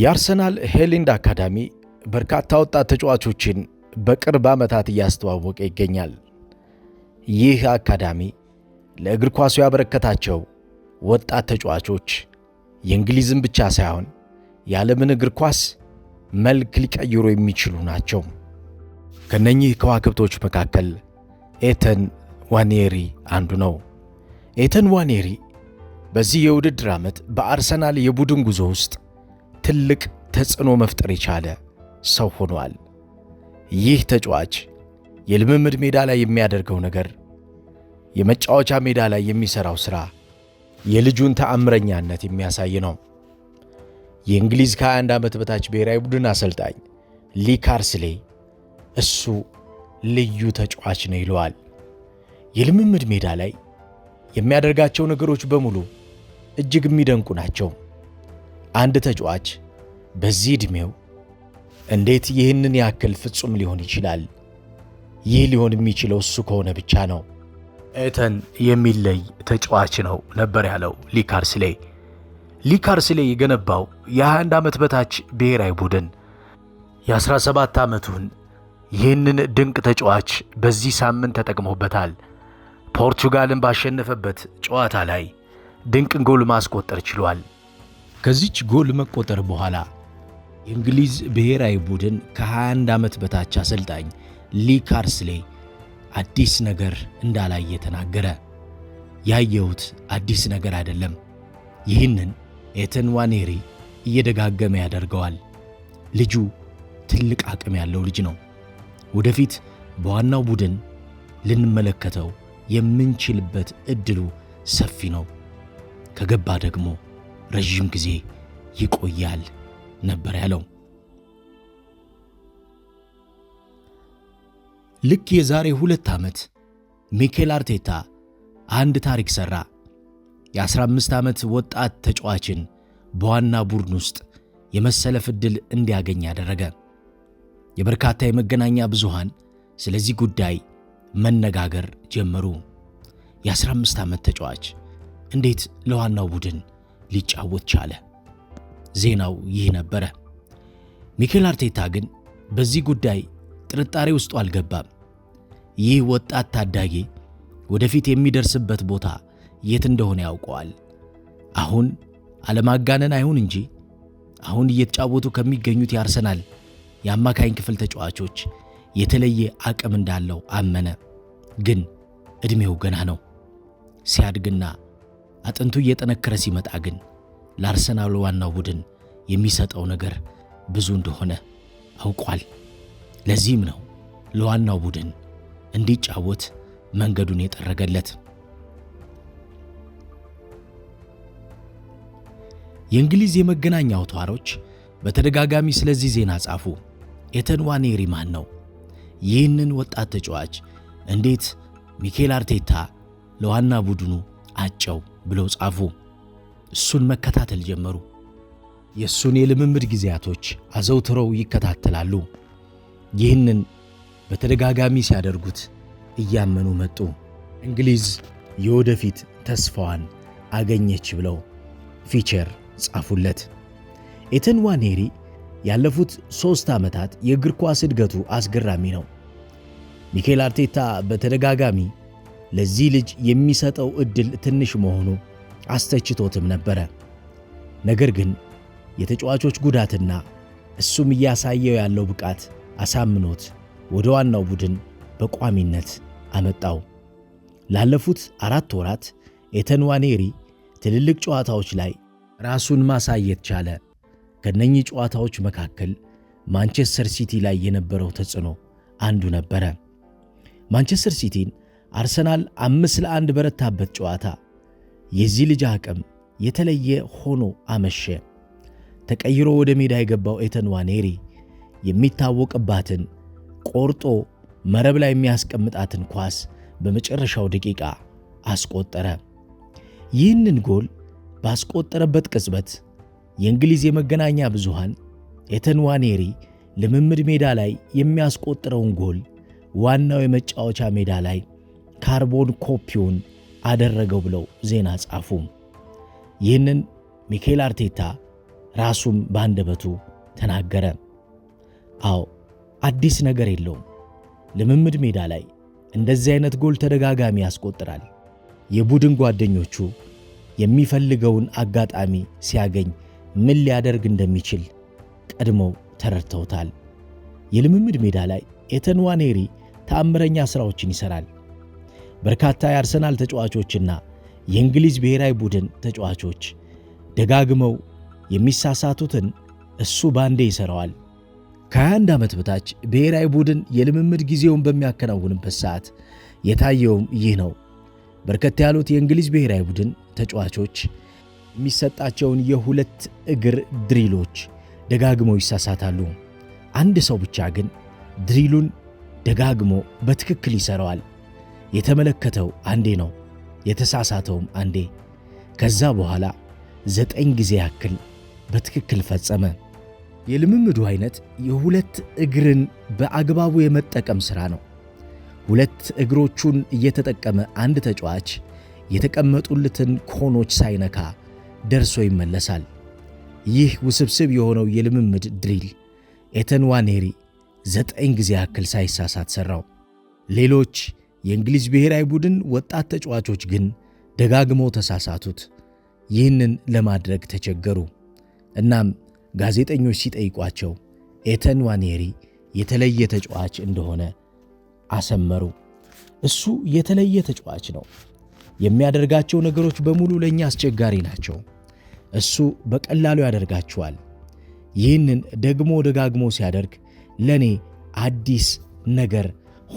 የአርሰናል ሄሊንድ አካዳሚ በርካታ ወጣት ተጫዋቾችን በቅርብ ዓመታት እያስተዋወቀ ይገኛል። ይህ አካዳሚ ለእግር ኳሱ ያበረከታቸው ወጣት ተጫዋቾች የእንግሊዝን ብቻ ሳይሆን የዓለምን እግር ኳስ መልክ ሊቀይሩ የሚችሉ ናቸው። ከነኚህ ከዋክብቶች መካከል ኤተን ዋኔሪ አንዱ ነው። ኤተን ዋኔሪ በዚህ የውድድር ዓመት በአርሰናል የቡድን ጉዞ ውስጥ ትልቅ ተጽዕኖ መፍጠር የቻለ ሰው ሆኗል። ይህ ተጫዋች የልምምድ ሜዳ ላይ የሚያደርገው ነገር፣ የመጫወቻ ሜዳ ላይ የሚሰራው ስራ የልጁን ተአምረኛነት የሚያሳይ ነው። የእንግሊዝ ከ21 ዓመት በታች ብሔራዊ ቡድን አሰልጣኝ ሊ ካርስሌ እሱ ልዩ ተጫዋች ነው ይለዋል። የልምምድ ሜዳ ላይ የሚያደርጋቸው ነገሮች በሙሉ እጅግ የሚደንቁ ናቸው። አንድ ተጫዋች በዚህ ዕድሜው እንዴት ይህንን ያክል ፍጹም ሊሆን ይችላል? ይህ ሊሆን የሚችለው እሱ ከሆነ ብቻ ነው። ኤተን የሚለይ ተጫዋች ነው ነበር ያለው ሊካርስሌ። ሊካርስሌ የገነባው የ21 ዓመት በታች ብሔራዊ ቡድን የ17 ዓመቱን ይህንን ድንቅ ተጫዋች በዚህ ሳምንት ተጠቅሞበታል። ፖርቹጋልን ባሸነፈበት ጨዋታ ላይ ድንቅ ጎል ማስቆጠር ችሏል። ከዚች ጎል መቆጠር በኋላ የእንግሊዝ ብሔራዊ ቡድን ከ21 ዓመት በታች አሰልጣኝ ሊ ካርስሌ አዲስ ነገር እንዳላየ ተናገረ። ያየሁት አዲስ ነገር አይደለም። ይህንን ኤተን ዋኔሪ እየደጋገመ ያደርገዋል። ልጁ ትልቅ አቅም ያለው ልጅ ነው። ወደፊት በዋናው ቡድን ልንመለከተው የምንችልበት እድሉ ሰፊ ነው። ከገባ ደግሞ ረዥም ጊዜ ይቆያል። ነበር ያለው። ልክ የዛሬ ሁለት ዓመት ሚኬል አርቴታ አንድ ታሪክ ሠራ። የ15 ዓመት ወጣት ተጫዋችን በዋና ቡድን ውስጥ የመሰለፍ ዕድል እንዲያገኝ ያደረገ። የበርካታ የመገናኛ ብዙሃን ስለዚህ ጉዳይ መነጋገር ጀመሩ። የ15 ዓመት ተጫዋች እንዴት ለዋናው ቡድን ሊጫወት ቻለ? ዜናው ይህ ነበረ። ሚኬል አርቴታ ግን በዚህ ጉዳይ ጥርጣሬ ውስጡ አልገባም። ይህ ወጣት ታዳጊ ወደፊት የሚደርስበት ቦታ የት እንደሆነ ያውቀዋል። አሁን አለማጋነን አይሁን እንጂ አሁን እየተጫወቱ ከሚገኙት ያርሰናል። የአማካኝ ክፍል ተጫዋቾች የተለየ አቅም እንዳለው አመነ። ግን ዕድሜው ገና ነው። ሲያድግና አጥንቱ እየጠነከረ ሲመጣ ግን ለአርሰናል ዋናው ቡድን የሚሰጠው ነገር ብዙ እንደሆነ አውቋል። ለዚህም ነው ለዋናው ቡድን እንዲጫወት መንገዱን የጠረገለት። የእንግሊዝ የመገናኛ አውታሮች በተደጋጋሚ ስለዚህ ዜና ጻፉ። ኤተን ዋኔሪ ማን ነው? ይህንን ወጣት ተጫዋች እንዴት ሚኬል አርቴታ ለዋና ቡድኑ አጨው ብለው ጻፉ። እሱን መከታተል ጀመሩ። የእሱን የልምምድ ጊዜያቶች አዘውትረው ይከታተላሉ። ይህንን በተደጋጋሚ ሲያደርጉት እያመኑ መጡ። እንግሊዝ የወደፊት ተስፋዋን አገኘች ብለው ፊቸር ጻፉለት። ኤተን ዋኔሪ ያለፉት ሦስት ዓመታት የእግር ኳስ እድገቱ አስገራሚ ነው። ሚኬል አርቴታ በተደጋጋሚ ለዚህ ልጅ የሚሰጠው ዕድል ትንሽ መሆኑ አስተችቶትም ነበረ። ነገር ግን የተጫዋቾች ጉዳትና እሱም እያሳየው ያለው ብቃት አሳምኖት ወደ ዋናው ቡድን በቋሚነት አመጣው። ላለፉት አራት ወራት ኤተን ዋኔሪ ትልልቅ ጨዋታዎች ላይ ራሱን ማሳየት ቻለ። ከነኚህ ጨዋታዎች መካከል ማንቸስተር ሲቲ ላይ የነበረው ተጽዕኖ አንዱ ነበረ። ማንቸስተር ሲቲን አርሰናል አምስት ለአንድ በረታበት ጨዋታ የዚህ ልጅ አቅም የተለየ ሆኖ አመሸ። ተቀይሮ ወደ ሜዳ የገባው ኤተን ዋኔሪ የሚታወቅባትን ቆርጦ መረብ ላይ የሚያስቀምጣትን ኳስ በመጨረሻው ደቂቃ አስቆጠረ። ይህንን ጎል ባስቆጠረበት ቅጽበት የእንግሊዝ የመገናኛ ብዙሃን ኤተን ዋኔሪ ልምምድ ሜዳ ላይ የሚያስቆጥረውን ጎል ዋናው የመጫወቻ ሜዳ ላይ ካርቦን ኮፒውን አደረገው ብለው ዜና ጻፉ። ይህንን ሚካኤል አርቴታ ራሱም በአንደበቱ ተናገረ። አዎ አዲስ ነገር የለውም። ልምምድ ሜዳ ላይ እንደዚህ አይነት ጎል ተደጋጋሚ ያስቆጥራል። የቡድን ጓደኞቹ የሚፈልገውን አጋጣሚ ሲያገኝ ምን ሊያደርግ እንደሚችል ቀድመው ተረድተውታል። የልምምድ ሜዳ ላይ ኤተን ዋኔሪ ተአምረኛ ሥራዎችን ይሠራል። በርካታ የአርሰናል ተጫዋቾችና የእንግሊዝ ብሔራዊ ቡድን ተጫዋቾች ደጋግመው የሚሳሳቱትን እሱ ባንዴ ይሠራዋል። ከ21 ዓመት በታች ብሔራዊ ቡድን የልምምድ ጊዜውን በሚያከናውንበት ሰዓት የታየውም ይህ ነው። በርከት ያሉት የእንግሊዝ ብሔራዊ ቡድን ተጫዋቾች የሚሰጣቸውን የሁለት እግር ድሪሎች ደጋግመው ይሳሳታሉ። አንድ ሰው ብቻ ግን ድሪሉን ደጋግሞ በትክክል ይሠራዋል። የተመለከተው አንዴ ነው፣ የተሳሳተውም አንዴ። ከዛ በኋላ ዘጠኝ ጊዜ ያክል በትክክል ፈጸመ። የልምምዱ አይነት የሁለት እግርን በአግባቡ የመጠቀም ሥራ ነው። ሁለት እግሮቹን እየተጠቀመ አንድ ተጫዋች የተቀመጡለትን ኮኖች ሳይነካ ደርሶ ይመለሳል። ይህ ውስብስብ የሆነው የልምምድ ድሪል ኤተን ዋኔሪ ዘጠኝ ጊዜ ያክል ሳይሳሳት ሠራው። ሌሎች የእንግሊዝ ብሔራዊ ቡድን ወጣት ተጫዋቾች ግን ደጋግመው ተሳሳቱት። ይህንን ለማድረግ ተቸገሩ። እናም ጋዜጠኞች ሲጠይቋቸው ኤተን ዋኔሪ የተለየ ተጫዋች እንደሆነ አሰመሩ። እሱ የተለየ ተጫዋች ነው። የሚያደርጋቸው ነገሮች በሙሉ ለእኛ አስቸጋሪ ናቸው። እሱ በቀላሉ ያደርጋቸዋል። ይህንን ደግሞ ደጋግሞ ሲያደርግ ለእኔ አዲስ ነገር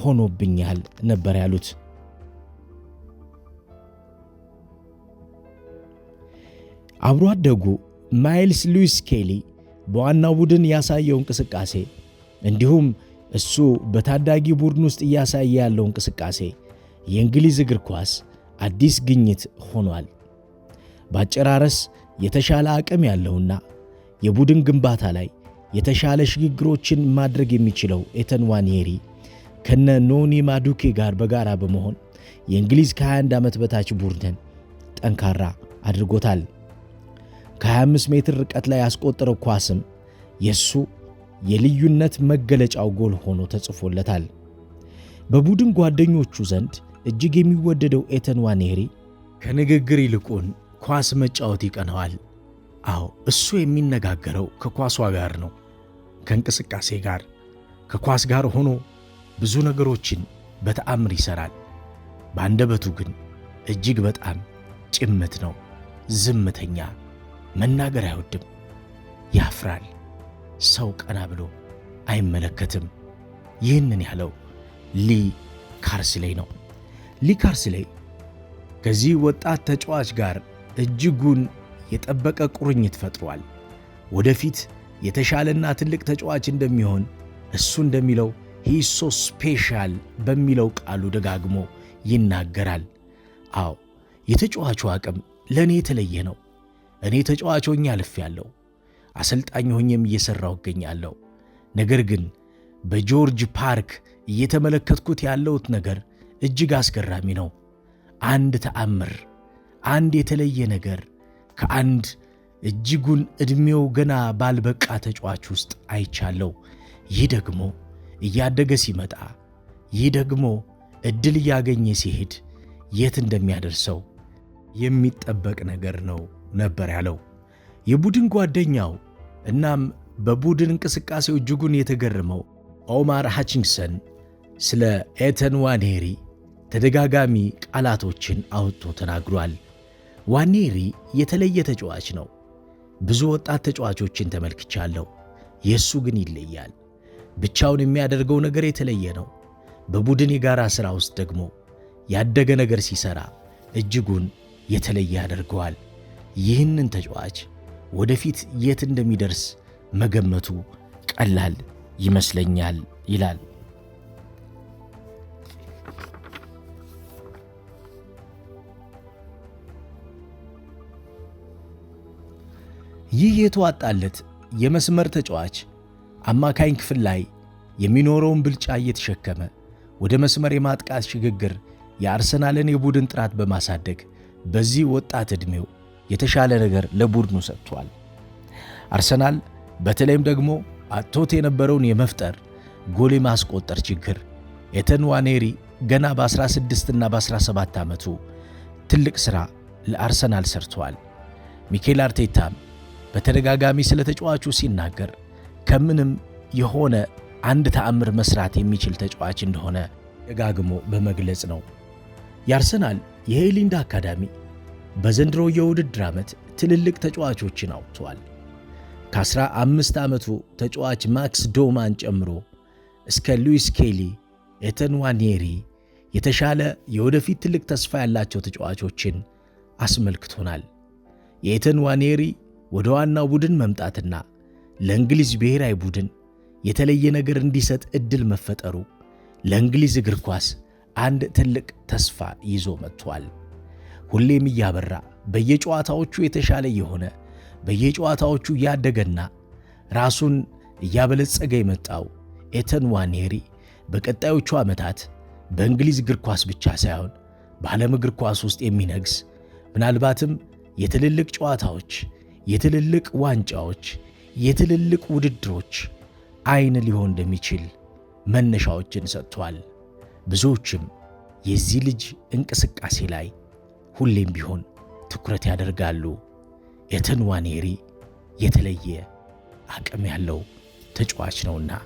ሆኖብኛል ነበር ያሉት። አብሮ አደጉ ማይልስ ሉዊስ ኬሊ በዋናው ቡድን ያሳየው እንቅስቃሴ እንዲሁም እሱ በታዳጊ ቡድን ውስጥ እያሳየ ያለው እንቅስቃሴ የእንግሊዝ እግር ኳስ አዲስ ግኝት ሆኗል። በአጨራረስ የተሻለ አቅም ያለውና የቡድን ግንባታ ላይ የተሻለ ሽግግሮችን ማድረግ የሚችለው ኤተን ዋኔሪ ከነ ኖኒ ማዱኬ ጋር በጋራ በመሆን የእንግሊዝ ከ21 ዓመት በታች ቡድንን ጠንካራ አድርጎታል። ከ25 ሜትር ርቀት ላይ ያስቆጠረው ኳስም የሱ የልዩነት መገለጫው ጎል ሆኖ ተጽፎለታል። በቡድን ጓደኞቹ ዘንድ እጅግ የሚወደደው ኤተን ዋኔሪ ከንግግር ይልቁን ኳስ መጫወት ይቀነዋል። አዎ እሱ የሚነጋገረው ከኳሷ ጋር ነው፣ ከእንቅስቃሴ ጋር ከኳስ ጋር ሆኖ ብዙ ነገሮችን በተአምር ይሠራል። በአንደበቱ ግን እጅግ በጣም ጭምት ነው። ዝምተኛ፣ መናገር አይወድም፣ ያፍራል። ሰው ቀና ብሎ አይመለከትም። ይህንን ያለው ሊ ካርስሌይ ነው። ሊ ካርስሌይ ከዚህ ወጣት ተጫዋች ጋር እጅጉን የጠበቀ ቁርኝት ፈጥሯል። ወደፊት የተሻለና ትልቅ ተጫዋች እንደሚሆን እሱ እንደሚለው ሂሶ ስፔሻል በሚለው ቃሉ ደጋግሞ ይናገራል። አዎ የተጫዋቹ አቅም ለእኔ የተለየ ነው። እኔ ተጫዋች ሆኜ አልፌያለሁ። አሰልጣኝ ሆኜም እየሠራሁ እገኛለሁ። ነገር ግን በጆርጅ ፓርክ እየተመለከትኩት ያለሁት ነገር እጅግ አስገራሚ ነው። አንድ ተአምር፣ አንድ የተለየ ነገር ከአንድ እጅጉን ዕድሜው ገና ባልበቃ ተጫዋች ውስጥ አይቻለሁ። ይህ ደግሞ እያደገ ሲመጣ ይህ ደግሞ ዕድል እያገኘ ሲሄድ የት እንደሚያደርሰው የሚጠበቅ ነገር ነው ነበር ያለው የቡድን ጓደኛው። እናም በቡድን እንቅስቃሴው እጅጉን የተገረመው ኦማር ሃቺንግሰን ስለ ኤተን ዋኔሪ ተደጋጋሚ ቃላቶችን አውጥቶ ተናግሯል። ዋኔሪ የተለየ ተጫዋች ነው። ብዙ ወጣት ተጫዋቾችን ተመልክቻለሁ፣ የእሱ ግን ይለያል። ብቻውን የሚያደርገው ነገር የተለየ ነው። በቡድን የጋራ ሥራ ውስጥ ደግሞ ያደገ ነገር ሲሠራ እጅጉን የተለየ ያደርገዋል። ይህንን ተጫዋች ወደፊት የት እንደሚደርስ መገመቱ ቀላል ይመስለኛል ይላል። ይህ የተዋጣለት የመስመር ተጫዋች አማካኝ ክፍል ላይ የሚኖረውን ብልጫ እየተሸከመ ወደ መስመር የማጥቃት ሽግግር የአርሰናልን የቡድን ጥራት በማሳደግ በዚህ ወጣት ዕድሜው የተሻለ ነገር ለቡድኑ ሰጥቷል። አርሰናል በተለይም ደግሞ አቶት የነበረውን የመፍጠር ጎል የማስቆጠር ችግር ኤተን ዋኔሪ ገና በ16 እና በ17 ዓመቱ ትልቅ ሥራ ለአርሰናል ሰርቷል። ሚኬል አርቴታም በተደጋጋሚ ስለ ተጫዋቹ ሲናገር ከምንም የሆነ አንድ ተአምር መስራት የሚችል ተጫዋች እንደሆነ ደጋግሞ በመግለጽ ነው። የአርሰናል የሄሊንዳ አካዳሚ በዘንድሮ የውድድር ዓመት ትልልቅ ተጫዋቾችን አውጥቷል። ከአስራ አምስት ዓመቱ ተጫዋች ማክስ ዶማን ጨምሮ እስከ ሉዊስ ኬሊ፣ ኤተን ዋኔሪ የተሻለ የወደፊት ትልቅ ተስፋ ያላቸው ተጫዋቾችን አስመልክቶናል። የኤተን ዋኔሪ ወደ ዋናው ቡድን መምጣትና ለእንግሊዝ ብሔራዊ ቡድን የተለየ ነገር እንዲሰጥ እድል መፈጠሩ ለእንግሊዝ እግር ኳስ አንድ ትልቅ ተስፋ ይዞ መጥቷል። ሁሌም እያበራ በየጨዋታዎቹ የተሻለ የሆነ በየጨዋታዎቹ እያደገና ራሱን እያበለጸገ የመጣው ኤተን ዋኔሪ በቀጣዮቹ ዓመታት በእንግሊዝ እግር ኳስ ብቻ ሳይሆን በዓለም እግር ኳስ ውስጥ የሚነግስ ምናልባትም የትልልቅ ጨዋታዎች የትልልቅ ዋንጫዎች የትልልቅ ውድድሮች አይን ሊሆን እንደሚችል መነሻዎችን ሰጥቷል። ብዙዎችም የዚህ ልጅ እንቅስቃሴ ላይ ሁሌም ቢሆን ትኩረት ያደርጋሉ። የተንዋኔሪ የተለየ አቅም ያለው ተጫዋች ነውና